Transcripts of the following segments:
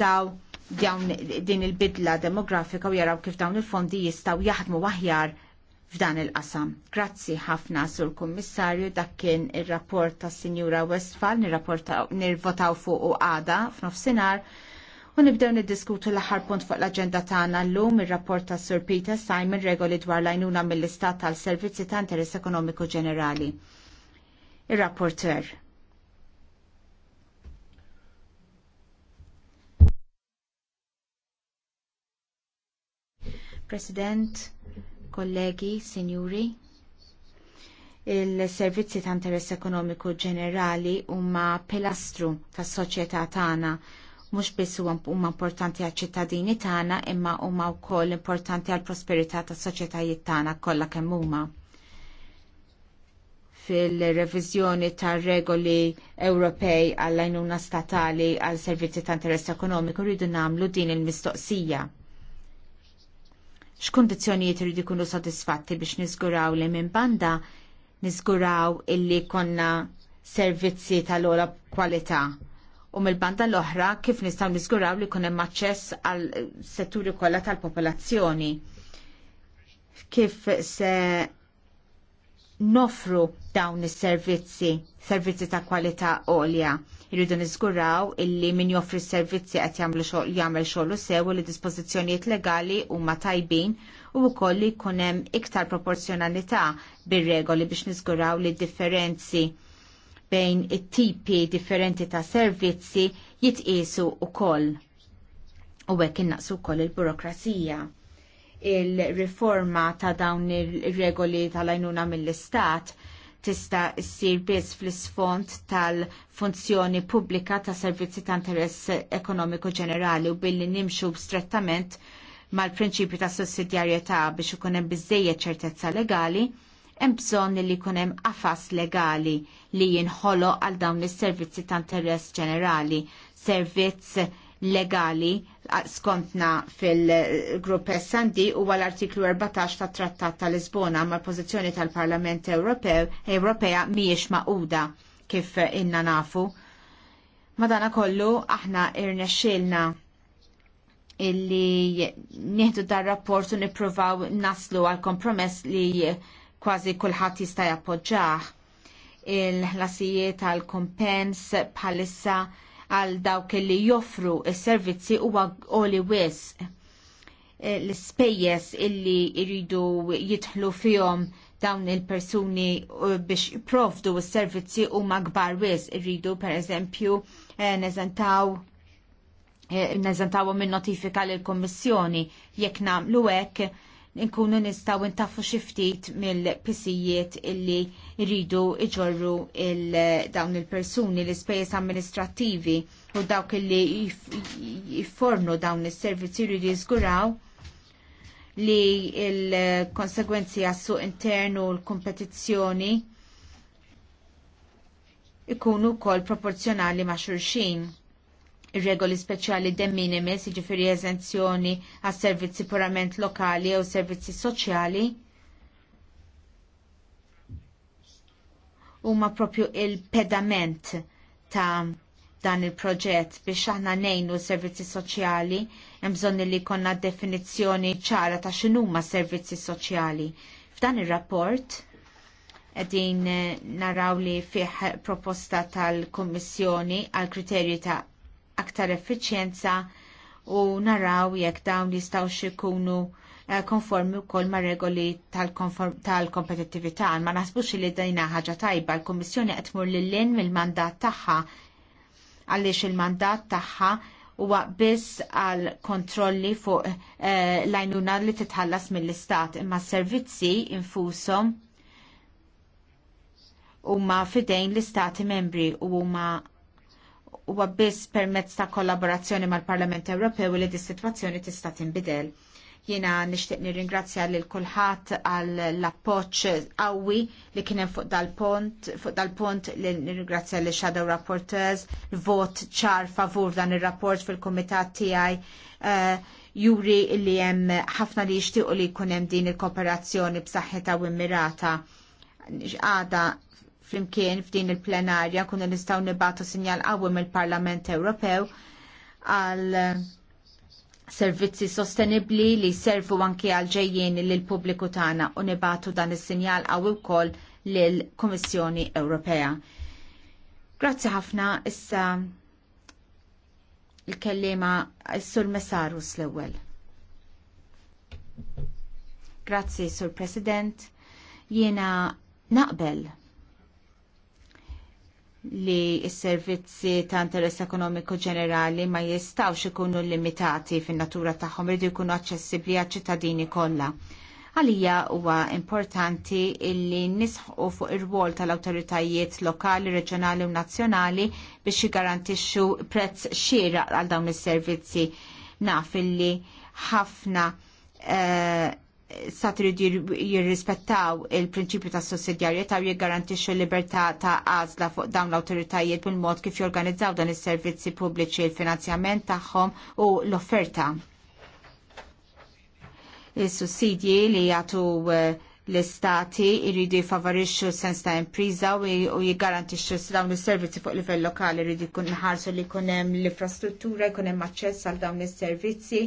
daw dawn din il-bidla demografika u jaraw kif dawn il-fondi jistaw jaħdmu waħjar f'dan il-qasam. Grazzi ħafna sur kummissarju dak kien ir-rapport ta' Sinjura Westfall nirvotaw fuq u għada f'nofsinhar u nibdew niddiskutu l-aħħar punt fuq l-aġenda tagħna llum ir-rapport ta' Sur Peter Simon regoli dwar lajnuna mill-istat tal-servizzi ta' interess ekonomiku ġenerali. Ir-rapporter. President, kollegi, sinjuri il-servizzi ta' interess ekonomiku ġenerali huma pilastru tas soċjetà tagħna mhux biss huma importanti għaċ-ċittadini tagħna imma huma wkoll importanti għall prosperità tas-soċjetajiet tagħna kollha kemm huma. Fil-reviżjoni tar regoli Ewropej għall-għajnuna statali għal servizzi ta' interess ekonomiku rridu nagħmlu din il-mistoqsija x'kundizzjonijiet iridu jkunu sodisfatti biex niżguraw li minn banda niżguraw illi konna servizzi tal-ola kwalità u mill-banda l-oħra kif nistgħu niżguraw li jkun hemm aċċess għal setturi kollha tal-popolazzjoni. Kif se nofru dawn is-servizzi, servizzi ta' kwalità għolja Irridu niżguraw illi min joffri s-servizzi qed jagħmlu xogħol jagħmel xogħol sew li dispożizzjonijiet legali huma tajbin u wkoll li jkun hemm iktar proporzjonalità bir-regoli biex niżguraw li differenzi bejn it-tipi differenti ta' servizzi jitqisu wkoll u hekk innaqsu wkoll il-burokrazija. Il-riforma ta' dawn ir regoli tal-għajnuna mill-istat tista ssir biss fl-isfond tal-funzjoni pubblika ta' servizzi ta' interess ekonomiku ġenerali u billi nimxu strettament mal-prinċipju ta' sussidjarjetà biex ikun hemm biżejjed ċertezza legali, hemm bżonn li jkun hemm qafas legali li jinħoloq għal dawn is-servizzi ta' interess ġenerali, servizz legali skontna fil-grupp S&D u għal-artiklu 14 ta' trattat ta' Lisbona ma' pozizjoni tal-Parlament Ewropew Ewropea miex maquda kif inna nafu. Madana kollu aħna irnexxilna illi nieħdu dar rapport u nippruvaw naslu għal kompromess li kważi kulħadd jista' jappoġġjah il-ħlasijiet tal-kompens bħalissa għal dawk li joffru s-servizzi huwa għoli wisq eh, l-spejjes illi jridu jidħlu fihom dawn il-persuni eh, biex provdu s-servizzi huma kbar iridu irridu pereżempju eh, neżentaw neżentaw minn notifika lill kummissjoni jekk nagħmlu hekk nkunu nistaw intaffu xiftit mill-pisijiet illi rridu iġorru il dawn il-persuni l-ispejjeż amministrattivi u dawk illi jiffornu dawn is-servizzi rridu jiżguraw li il-konsegwenzi għas-suq internu u l-kompetizzjoni ikunu kol proporzjonali ma' xurxin regoli speċjali de minimis, jiġifieri eżenzjoni għas servizzi purament lokali jew servizzi soċjali. Huma propju il-pedament ta' dan il-proġett biex aħna nejnu servizzi soċjali, hemm bżonn li jkollna definizzjoni ċara ta' x'inhuma servizzi soċjali. F'dan ir-rapport qegħdin eh, naraw li fih proposta tal-Kummissjoni għal kriterji ta' aktar effiċjenza u naraw jekk dawn jistgħu ikunu eh, konformi wkoll ma' regoli tal-kompetittività. ma naħsbux li dajna ħaġa tajba l-Kummissjoni qed tmur lil mill-mandat tagħha għaliex il-mandat tagħha huwa biss għal kontrolli fuq eh, l-għajnuna li titħallas mill-istat imma s servizzi infushom huma fidejn l-istati membri u huma huwa biss permezz ta' kollaborazzjoni mal-Parlament Ewropew li di situazzjoni tista' tinbidel. Jiena nixtieq nirringrazzja lil kulħadd għal l-appoġġ qawwi li kien hemm fuq dal-pont, fuq dal-pont li nirringrazzja lil shadow rapporteurs, vot ċar favur dan ir-rapport fil-kumitat tiegħi. Eh, juri li hemm ħafna li jixtiequ li jkun hemm din il-kooperazzjoni b'saħħitha u immirata għada flimkien f'din il-plenarja kunu nistaw nibatu sinjal qawwi mill-Parlament Ewropew għal eh, servizzi sostenibli li servu anki għal ġejjien lil pubbliku tagħna u nibatu dan is-sinjal qawwi wkoll lil Kummissjoni Ewropea. Grazzi ħafna issa il-kellima sur Messarus l-ewwel. Grazzi, Sur President. Jiena naqbel li s-servizzi ta' interess ekonomiku ġenerali ma jistawx ikunu limitati fin-natura tagħhom iridu jkunu aċċessibbli għaċ-ċittadini kollha. Għalija huwa importanti illi nisħu fuq ir-rwol tal-awtoritajiet lokali, reġjonali u nazzjonali biex jiggarantixxu prezz xieraq għal dawn is-servizzi. Naf illi ħafna uh, stat jirrispettaw il-prinċipju ta' sussidjarjetà u jiggarantixxu l-libertà ta' għażla fuq dawn l-awtoritajiet bil-mod kif jorganizzaw dan is-servizzi pubbliċi il-finanzjament tagħhom u l-offerta. Is-sussidji li jagħtu eh, l-istati jridu jfavorixxu sens ta' impriża u jiggarantixxu dawn is-servizzi fuq livell lokali jridu jkun ħarsu li jkun hemm l-infrastruttura, jkun hemm aċċess għal dawn is-servizzi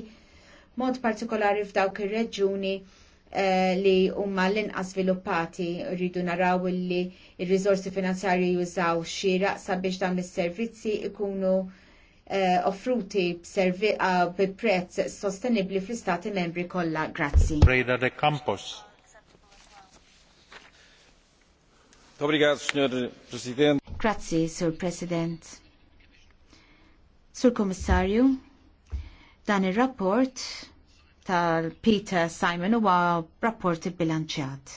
mod partikolari f'dawk ir-reġjuni eh, li huma l-inqas sviluppati rridu naraw li r-riżorsi finanzjarji jużaw xira sabiex dawn is-servizzi ikunu eh, offruti ah, bi prezz sostenibbli fl-istati membri kollha. Grazzi. de Campos. Grazzi, Sur President. Sur Kommissarju. Dan ir-rapport tal-Peter Simon huwa rapport bilanċjat.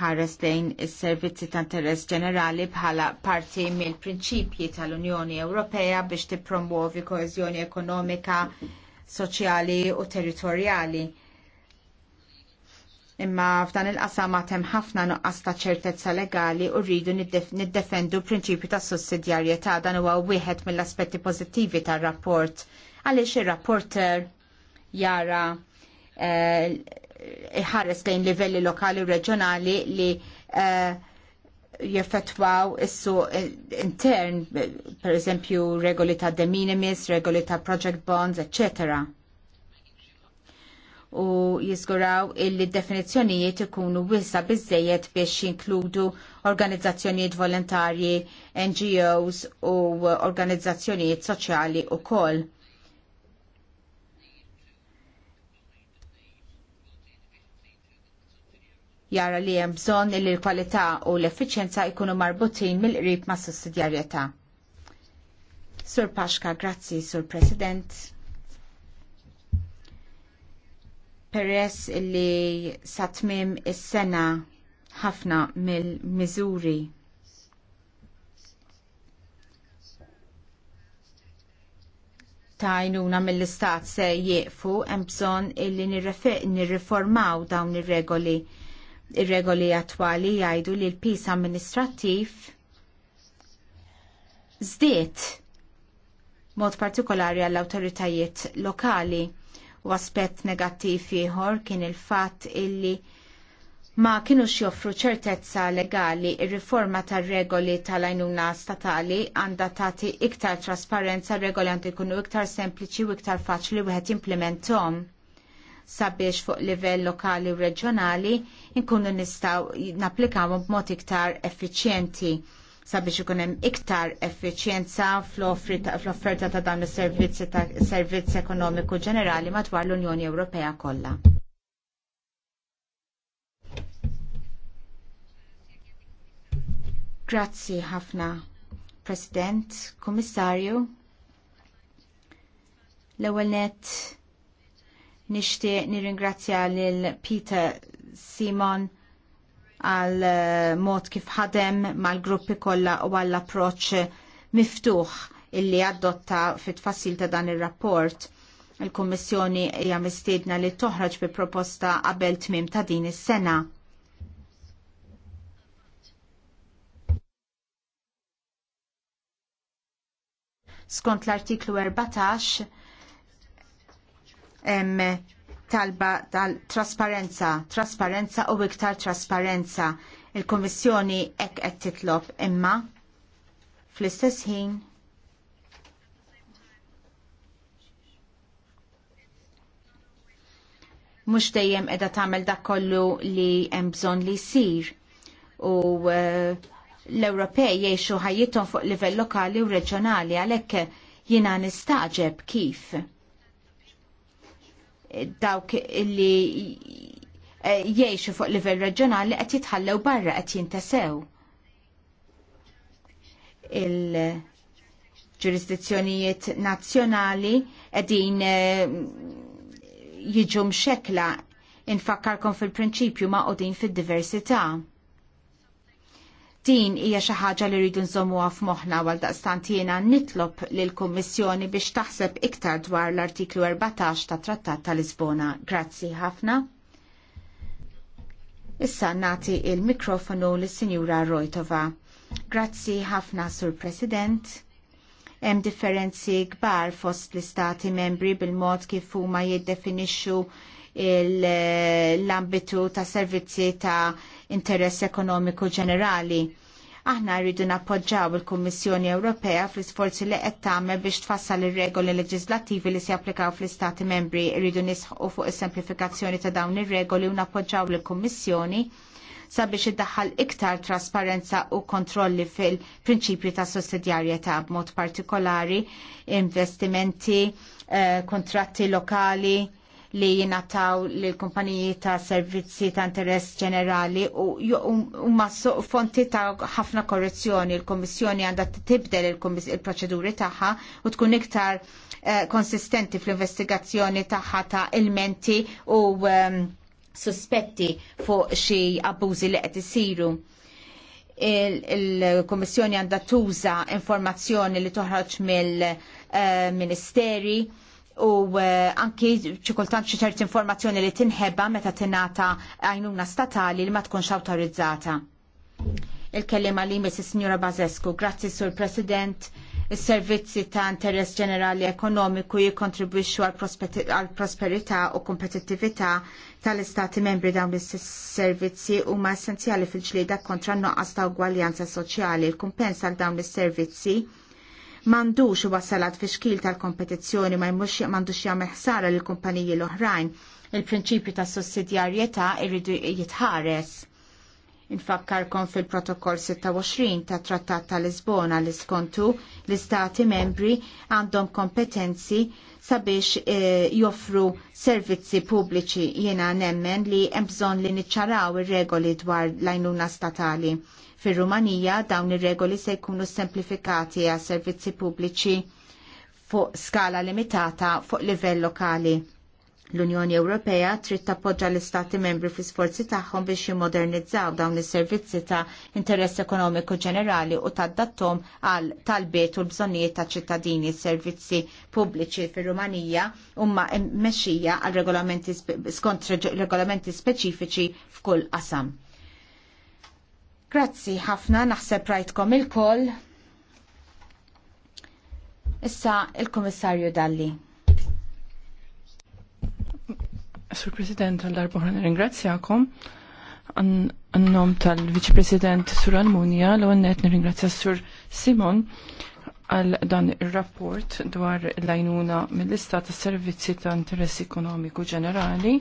Ħares lejn is-servizzi ta' interess ġenerali bħala parti mill-prinċipji tal-Unjoni Ewropea biex tippromuovi koeżjoni ekonomika, soċjali u territorjali imma f'dan il-qasam għatem ħafna nuqqas ta' ċertezza legali u rridu niddefendu prinċipju ta' sussidjarjetà dan huwa wieħed mill-aspetti pożittivi tar-rapport għaliex ir-rapporter jara eh, iħares lejn livelli lokali u reġjonali li eh, jeffettwaw issu intern, per eżempju regoli ta' de minimis, regoli ta' project bonds, eccetera u jizguraw illi definizzjonijiet ikunu wisa bizzejiet biex jinkludu organizzazzjonijiet volontarji, NGOs u organizzazzjonijiet soċjali u koll. jara li hemm bżonn li l-kwalità u l-effiċjenza jkunu marbutin mill-qrib ma' sussidjarjetà. Sur Paxka, grazzi, Sur President. peress li sa tmiem is-sena ħafna mill-miżuri T'ajnuna mill-istat se jieqfu hemm bżonn illi nirriformaw dawn ir-regoli. Ir-regoli attwali jgħidu li l-pis amministrattiv żdied mod partikolari għall awtoritajiet lokali U aspett negattiv ieħor kien il-fatt illi ma kienux joffru ċertezza legali ir-riforma tar-regoli tal-għajnuna statali għandha tagħti iktar trasparenza regoli għandu jkunu iktar sempliċi u iktar faċli wieħed implementom sabiex fuq livell lokali u reġjonali nkunu nistgħu napplikawhom b'mod iktar effiċjenti sabiex ikun hemm iktar effiċjenza fl-offerta ta' dawn is-servizzi ta' servizz ekonomiku ġenerali madwar l-Unjoni Ewropea kollha. Grazzi ħafna, President, Kommissarju. L-ewwel nett nixtieq nirringrazzja lil Peter Simon għal eh, mod kif ħadem mal-gruppi kollha u għall approċċ miftuħ illi adotta fit tfassil ta' dan ir-rapport. Il kummissjoni hija mistiedna li toħraġ bi proposta qabel tmiem ta' din is-sena. Skont l-artiklu 14 talba tal-trasparenza, trasparenza u iktar trasparenza. Il-Kommissjoni ek qed titlob imma fl-istess ħin mhux dejjem qiegħda tagħmel dak kollu li hemm bżonn li jsir u eh, l-Ewropej jgħixu ħajjithom fuq livell lokali u reġjonali għalhekk jiena nistaġeb kif dawk li eh, jiexu fuq livell reġjonali qed jitħallew barra qed jintesew. Il-ġurisdizzjonijiet nazzjonali qegħdin eh, jiġu mxekla infakkarkom fil-prinċipju ma' qudin fid-diversità. Din hija xi ħaġa li rridu nżommuha f'moħħna għal daqstant jiena nitlob lill-Kummissjoni biex taħseb iktar dwar l-artiklu 14 tat Trattat ta' Lisbona. Grazzi ħafna. Issa nagħti il-mikrofonu lis-Sinjura Rojtova. Grazzi ħafna, Sur President hemm differenzi kbar fost l-istati membri bil-mod kif huma jiddefinixxu l-ambitu ta' servizzi ta' interess ekonomiku ġenerali. Aħna rridu nappoġġaw il-Kummissjoni Ewropea fl-isforzi li qed tagħmel biex tfassal ir-regoli leġislattivi li se japplikaw fl-Istati membri rridu nisħu fuq is-semplifikazzjoni ta' dawn ir-regoli u nappoġġaw lill-Kummissjoni sabiex iddaħħal iktar trasparenza u kontrolli fil-prinċipju ta' sussidjarjetà b'mod partikolari, investimenti, eh, kontratti lokali, li jinataw li kumpaniji ta' servizzi ta' interess ġenerali u huma fonti ta' ħafna korrezzjoni. Il-Kommissjoni għandha tibdel il-proċeduri tagħha u tkun iktar eh, konsistenti fl-investigazzjoni tagħha ta' ilmenti u ehm, suspetti fuq xi abbużi li qed isiru il kummissjoni għandha tuża informazzjoni li toħroġ mill-Ministeri eh, uh, u eh, anki ċikultant xi ċerti informazzjoni li tinħebba meta tingħata għajnuna statali li ma tkunx awtorizzata. Il-kellima li jmiss is-Sinjura Bazescu, grazzi Sur President, is-servizzi ta' interess ġenerali ekonomiku jikkontribwixxu għal prosperità u kompetittività tal-istati membri dawn is-servizzi huma essenzjali fil-ġlieda kontra noqqas ta' ugwaljanza soċjali. il kumpensa għal dawn is-servizzi mandux wasalat fi xkil tal-kompetizzjoni ma jmux mandux jagħmel ħsara lill kumpaniji l-oħrajn. Il-prinċipju tas sussidjarjetà irridu jitħares. Infakkarkom fil-protokoll 26 ta' Trattat ta' Lisbona li skontu l-Istati membri għandhom kompetenzi sabiex eh, joffru servizzi pubbliċi jiena nemmen li hemm bżonn li niċċaraw ir-regoli dwar l ajnuna statali. Fir-Rumanija dawn ir-regoli se jkunu semplifikati għas servizzi pubbliċi fuq skala limitata fuq livell lokali L-Unjoni Ewropea trid tappoġġa l-Istati membri fi sforzi tagħhom biex jimmodernizzaw dawn is-servizzi ta' interess ekonomiku ġenerali u tad-dattom għal talbiet u l-bżonnijiet ta' ċittadini s servizzi pubbliċi fir-Rumanija huma mmexxija għal regolamenti skont regolamenti speċifiċi f'kull qasam. Grazzi ħafna naħseb rajtkom il-koll. Issa il-Kummissarju Dalli. Sur President, għal-darbohra ringrazzjakom ingrazzjakom għannom tal vice President Sur Almunia, l għannet nir-ingrazzja Sur Simon għal dan il-rapport dwar l-għajnuna mill-istat servizzi ta' interess ekonomiku ġenerali,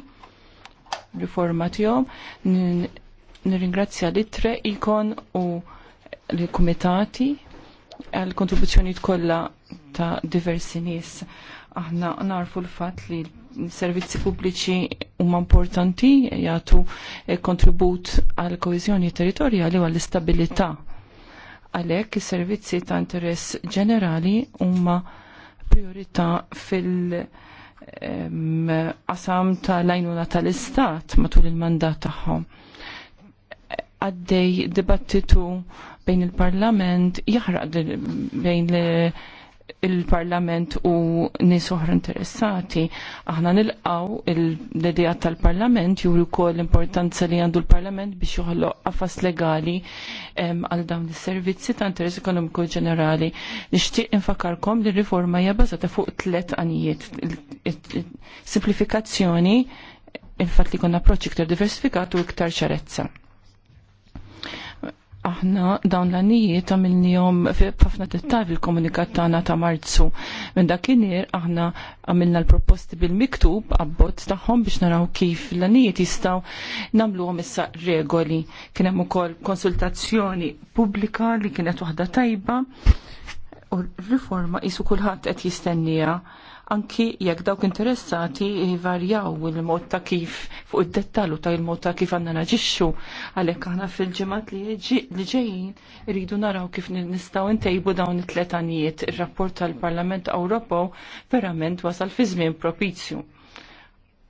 riforma tijom, nir-ingrazzja li tre ikon u l-komitati għal kontribuzzjoni kollha ta' diversi nies. Aħna narfu l-fat li l servizzi pubbliċi huma importanti jagħtu eh, kontribut għal koeżjoni territorjali u għall-istabilità. Għalhekk is-servizzi ta' interess ġenerali huma priorità fil- ehm, qasam tal-għajnuna tal-istat matul il-mandat tagħhom. Għaddej dibattitu bejn il-parlament jaħraq bejn il-Parlament u nies oħra interessati, aħna nilqaw l-idea tal-Parlament juru kol l-importanza li għandu l-Parlament biex juħallu għafas legali għal dawn is-servizzi ta' interess ekonomiku ġenerali. Nixtieq infakarkom li riforma hija bażata fuq tlet għanijiet. Simplifikazzjoni, il-fatt li konna approċċ iktar diversifikat u iktar ċarezza aħna dawn l-anijiet għamilnijom f'ħafna dettal fil-komunikat tagħna ta' Marzu. Minn dakinhar aħna għamilna l-proposti bil-miktub abbozz tagħhom biex naraw kif l-anijiet jistgħu nagħmluhom issa regoli. Kien hemm ukoll konsultazzjoni pubblika li kienet waħda tajba u riforma isu kulħadd qed jistennija anki jekk dawk interessati varjaw il-mod ta' kif fuq id-dettallu ta' il-mod ta' kif għandna naġixxu għalhekk aħna fil-ġimgħat li ġejjin iridu naraw kif nistgħu ntejbu dawn it-tletanijiet ir-rapport tal-Parlament Ewropew verament wasal fi żmien propizju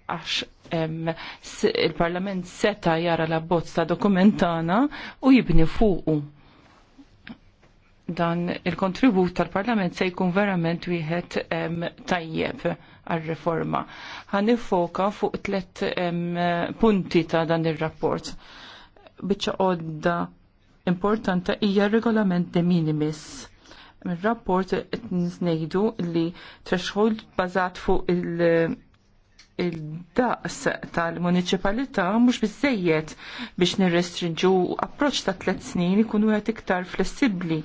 għax il-Parlament seta jara l la ta' dokumentana u jibni fuqu dan il-kontribut tal-Parlament se jkun verament wieħed tajjeb għal-reforma. Ħanifoka fuq tlet punti ta' dan il-rapport. Biċċa għodda importanta hija regolament de minimis. Il-rapport ngħidu li threshold bazat fuq il- il-daqs tal-municipalità mhux biżżejjed biex nirrestrinġu approċċ ta' tliet snin ikun wieħed iktar flessibbli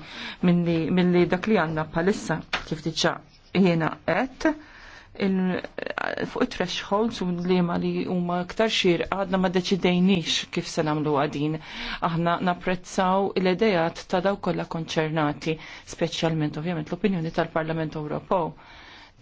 milli dak li għandna bħalissa kif diġà jiena qed fuq it-thresholds u l-lima li huma aktar xir għadna ma deċidejniex kif se nagħmlu għadin. Aħna napprezzaw l-idejat ta' daw kollha konċernati, speċjalment ovvjament l-opinjoni tal-Parlament Ewropew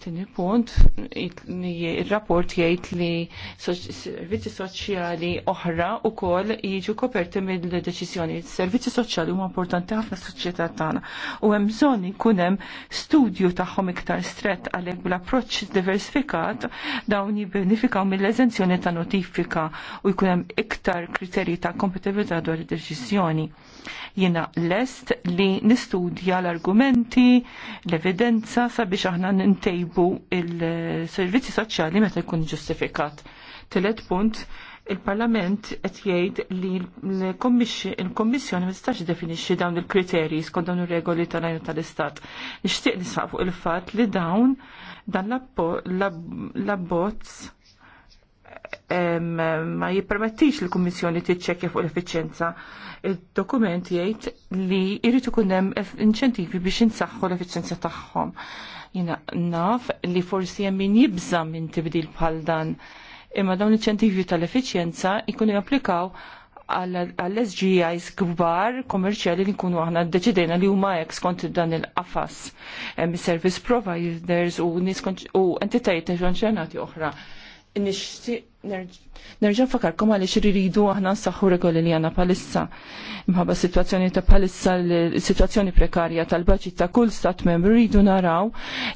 Tini punt, il-rapport jgħid li servizzi soċjali oħra u kol jiġu koperti mill-deċizjoni. Servizzi soċjali huma importanti ħafna soċjetà tagħna u hemm bżonn ikun hemm studju tagħhom iktar strett għalhekk bl-approċċ diversifikat dawn jibbenifikaw mill-eżenzjoni ta' notifika u jkun hemm iktar kriterji ta' kompetibilità dwar id-deċiżjoni. Jiena lest li nistudja l-argumenti, l-evidenza sabiex aħna nintejbu nitolbu il-servizzi soċjali meta jkun ġustifikat. Tilet punt, il-Parlament qed jgħid li l-Kommissjoni ma tistax definixxi dawn il-kriterji skont dawn ir-regoli tal-għajn tal-Istat. Nixtieq nisfaq fuq il-fatt li dawn dan l-abbozz ma jippermettix li l-Kummissjoni tiċċekkja fuq l-effiċjenza. Il-dokument jgħid li jrid ikun hemm inċentivi biex insaħħu l-effiċjenza tagħhom. Jina naf li forsi hemm min jibża minn tibdil bħal dan. Imma dawn l-inċentivi tal-effiċjenza jkunu japplikaw għall-SGIs kbar kommerċjali li nkunu aħna deċidejna li huma hekk skont dan il-qafas service providers u nies u entitajiet konċernati oħra nixtieq nerġa' fakarkom għaliex irridu aħna nsaħħu regoli li għandna palissa Imħabba situazzjoni ta' palissa situazzjoni prekarja tal baċi ta' kull stat membru rridu naraw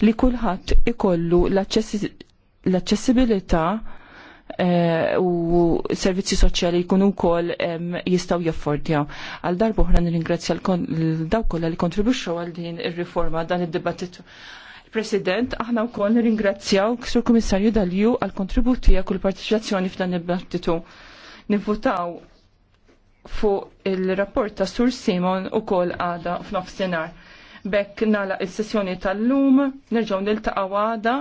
li kulħadd ikollu l-aċċessibilità eh, u servizzi soċjali jkunu wkoll jistgħu jaffordjaw. Għal darbu oħra nirringrazzja l-daw kollha li kontribuxxew għal din ir-riforma dan id-dibattitu. President, aħna u koll ringrazzjaw ksur komissarju Dalju għal kontributija kull partiċazzjoni f'dan il-battitu. Nivvutaw fuq il-rapport ta' Sur Simon u koll għada f'nofsenar. Bekk nala il-sessjoni tal-lum, nerġaw nil-taqaw għada